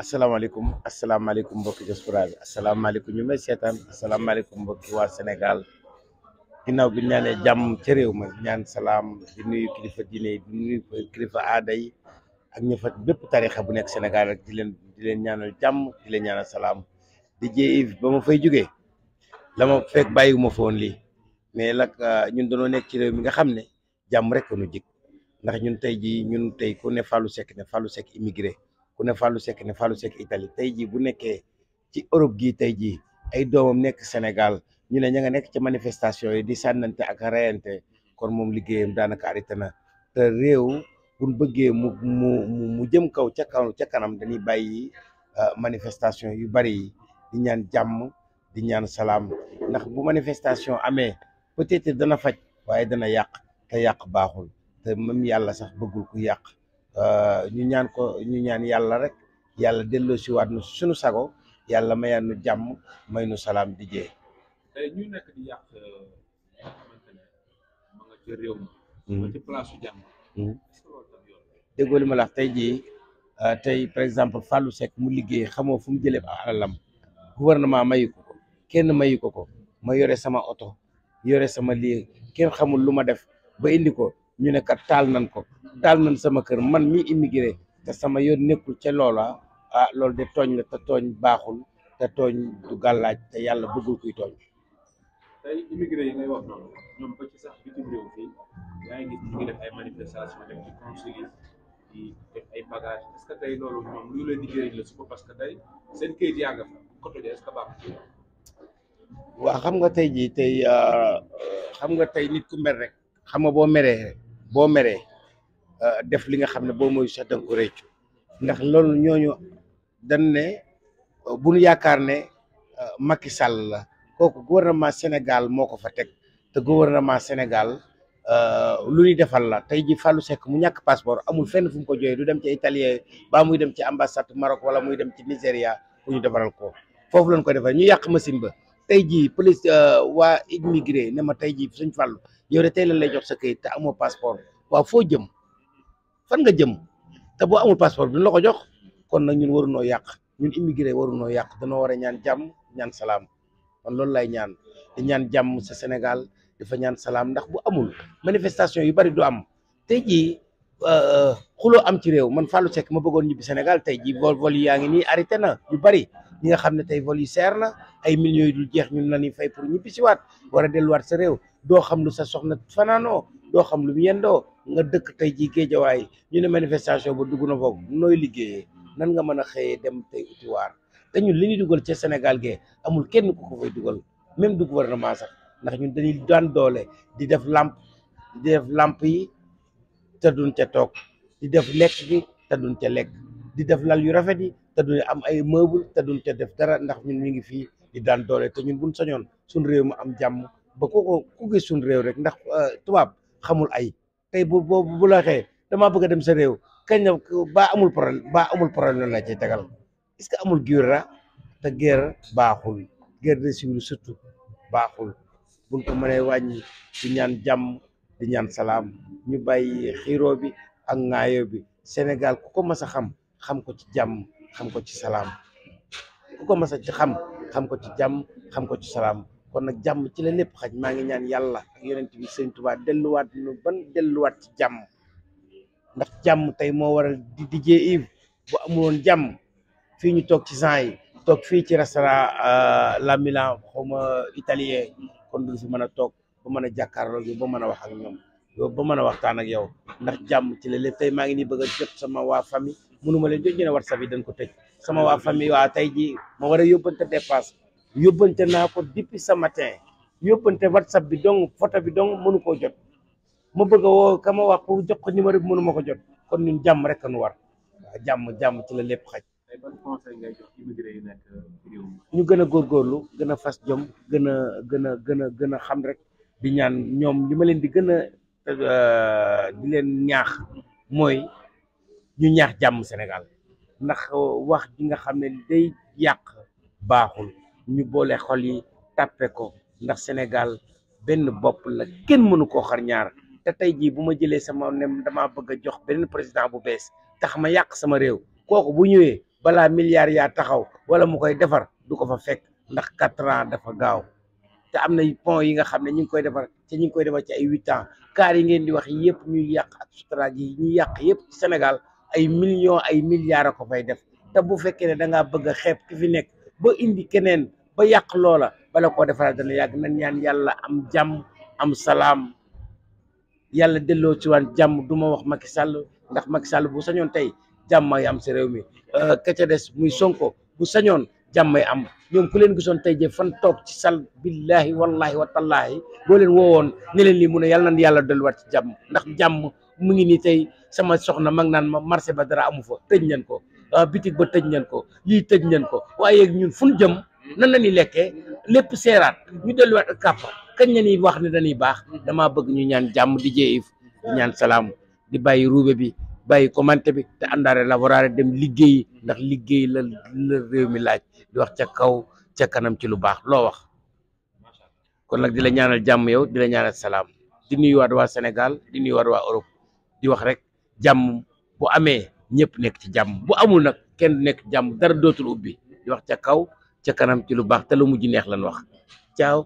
asalaamaaleykum asalaamaaleykum mbokki diaspora bi asalaamaaleykum ñu may seetaan asalaamaaleykum mbokki waa Sénégal ginnaaw bi ñaanee jàmm ca réew ma ñaan salaam di nuyu kilifa diine yi di nuyu kilifa aada ak ñëfa bépp tarixa bu nekk Sénégal rek di leen di leen ñaanal jàmm di leen ñaanal salaam di jëf ba ma fay jógee la ma bàyyiwuma foon lii mais nag euh, ñun dañoo nekk ci réew mi nga xam ne jàmm rek ko nu ndax ñun tey ji ñun tey ku ne Fallou Seck ne Fallou Seck ku ne Fallou Seck ne Fallou Seck Italie tey jii bu nekkee ci Europe gii tey jii ay doomam nekk senegal ñu ne ña nga nekk ci manifestation yi di sànnante ak reyante kon moom liggéeyam daanaka arrêté na te réew bu ñu bëggee mu mu mu jëm kaw ca kaw ca kanam dañuy bàyyi euh, manifestation yu bari di ñaan jàmm di ñaan salaam ndax bu manifestation amee peut-être dana faj waaye dana yàq te yàq baaxul te même yàlla sax bëggul ku yàq. Euh, ñu ñaan ko ñu ñaan yàlla rek yàlla delloo si waat nu suñu sago yàlla mayaan nu jàmm may nu salaam di jee ñu euh, mm-hmm. mm-hmm. li ma la tey jii euh, tey par exemple Fallou Seck mu liggéey xamoo fu mu jëlee ba alalam gouvernement mayu ko ko kenn mayu ko ko ma yore sama oto yore sama lii kenn xamul lu ma def ba indi ko ñu ne kat taal nan ko daal nañ sama kër man mi immigré te sama yoon nekkul ca loola ah loolu de tooñ la te tooñ baaxul te tooñ du gàllaaj te yàlla bëggul kuy tooñ. tey immigré yi ngay wax ci sax bitim réew yaa ngi gis ñu ngi def ay manifestations dem ci consulat di def ay bagages est tey loolu ñoom lu leen di jëriñ la suba parce que tey seen kayit yaa nga xam nga tey jii tey ah, xam nga tey nit ku mer rek xam nga boo meree boo meree. Euh, def li nga xam ne boo mooy sax danga ko réccu ndax loolu ñooñu dañ ne euh, bu ñu yaakaar ne euh, Macky Sall la kooku gouvernement Sénégal moo ko fa teg te gouvernement Sénégal lu ñuy defal la tey ji Fallou Seck mu ñàkk passeport amul fenn fu mu ko jooyee du dem ci italien baa muy dem ci ambassade Maroc wala muy dem ci Nigéria ku ñu defaral ko foofu lañ ko defal ñu yàq machine ba tey jii police waa immigré ne ma tey jii suñ Fallou yow de tey lan lay jox sa këyit te amoo passeport waaw foo jëm fan nga jëm te boo amul passeport bi ñu la ko jox kon nag ñun warunoo yàq ñun immigré warunoo yàq danoo war a ñaan jàmm ñaan salaam kon loolu lay ñaan di ñaan jàmm sa Sénégal dafa ñaan salaam ndax bu amul manifestation yu bari du am tey jii euh, xuloo am ci réew man Fallou Seck ma bëggoon ñibbi senegal tey jii vol vol yi yaa ngi nii arrêté na yu bari ñi nga xam ne tey vol yi seer na ay millions yu dul jeex ñun la ñuy fay pour ñibbi si waat war a delluwaat sa réew doo xam lu sa soxna fanaanoo doo xam lu nga dëkk tey jii géejawaay ñu ne manifestation ba dugg na foofu nooy liggéeyee nan nga mën a xëyee dem tey utiwaar te ñun li ñuy dugal ca Sénégal gee amul kenn ku ko fay dugal même du gouvernement sax ndax ñun dañuy daan doole di def lamp di def lamp yi te duñ ca toog di def lekk gi te duñ ca lekk di def lal yu rafet yi te duñ am ay meuble te duñ ca def dara ndax ñun ñu ngi fii di daan doole te ñun buñ sañoon suñ réew mi am jàmm ba ku ko ku gis suñ réew rek ndax euh, tubaab xamul ay tey bu boobu bu la waxee damaa bëgg a dem sa réew kañ la ba amul problème ba amul problème la ci tegal est que amul guerre te guerre baaxul guerre de civil surtout baaxul buñ mane mënee wàññi di ñaan jàmm di ñaan salaam ñu bàyyi xiiro bi ak ŋaayoo bi senegal ku ko mas a xam xam ko ci jàmm xam ko ci salaam ku ko mas ci xam xam ko ci jàmm xam ko ci salaam kon nag jàmm ci la lépp xaj maa ngi ñaan yàlla ak yonent bi sëñ Tuubaa delluwaat nu ban delluwaat ci jàmm ndax jàmm tey moo waral di dijee Yves bu amuloon jàmm fii ñu toog ci gens yi toog fii ci restaurant euh, La Milan xawma italien kon duñ fi mën a toog ba mën a jàkkaarloo yow ba mën a wax ak ñoom yow ba mën a waxtaan ak yow ndax jàmm ci la lépp tey maa ngi ni bëgg a jot sama waa famille mënuma leen jot ñu ne WhatsApp yi dañ ko tëj sama waa famille waa tey ji ma war a yóbbante dépasse yóbbante naa ko depuis sa matin yóbbante whatsapp bi dong photo bi dong mënu koo jot ma bëgg woo ka ma wax pour jox ko numéro bi mënu ko jot kon ñun jàmm rek nu war waaw jàmm jàmm ci la lépp xaj ñu gën a góorgóorlu gën a fas jom gën a gën a gën a gën a xam rek di ñaan ñoom li ma leen di gën a euh, di leen ñaax mooy ñu ñaax jàmm senegal ndax wax ji nga xam ne day yàq baaxul ñu boole xol yi tàppe ko ndax Sénégal benn bopp la kenn mënu koo xar ñaar te tey jii bu ma jëlee sama nem damaa bëgg a jox benn président bu bees tax ma yàq sama réew kooku bu ñëwee balaa milliards yaa taxaw wala mu koy defar du ko fa fekk ndax quatre ans dafa gaaw te am na pont yi nga xam ne ñu ngi koy defar te ñu ngi koy defar ci ay huit ans kaar yi ngeen di wax yëpp ñuy yàq ak sutura yi ñuy yàq yëpp Sénégal ay millions ay milliards a ko fay def te bu fekkee da ki fi nekk ba indi keneen ba yàq loola bala koo defaraat dana yàgg na ñaan yàlla am jàmm am salaam yàlla delloo ci waan jàmm du ma wax Macky Sall ndax Macky Sall bu sañoon tey jàmm may am si réew mi euh, këca des muy Sonko bu sañoon jàmm may am ñoom ku leen soon tey jii fan toog ci sal billahi wallahi wa tallahi boo leen woowoon ne leen lii mu ne yàlla na yàlla delluwaat ci jàmm ndax jàmm mu ngi nii tey sama soxna mag naan ma marché ba dara amu fa tëj nañ ko Euh, bitik ba tëj ngeen ko lii tëj ngeen ko waaye ñun fu jëm nan la ñuy lekkee lépp seeraat ñu delluwaat ak kàppa kañ la ñuy wax ne dañuy baax damaa bëgg ñu ñaan jàmm di jéeyif di ñaan salaam di bàyyi ruube bi bàyyi commenté bi te àndaare laboraare dem liggéey ndax liggéey la réew mi laaj di wax ca kaw ca kanam ci lu baax loo wax kon nag di la ñaanal jàmm yow di la ñaanal salaam di nuyuwaat waa senegal di nuyuwaat waa Europe di wax rek jàmm bu amee. ñëpp nekk ci jàmm bu amul nag kenn nekk jàmm dara dootul ubbi di ca kaw ca kanam ci lu baax te la mujj neex lan wax caaw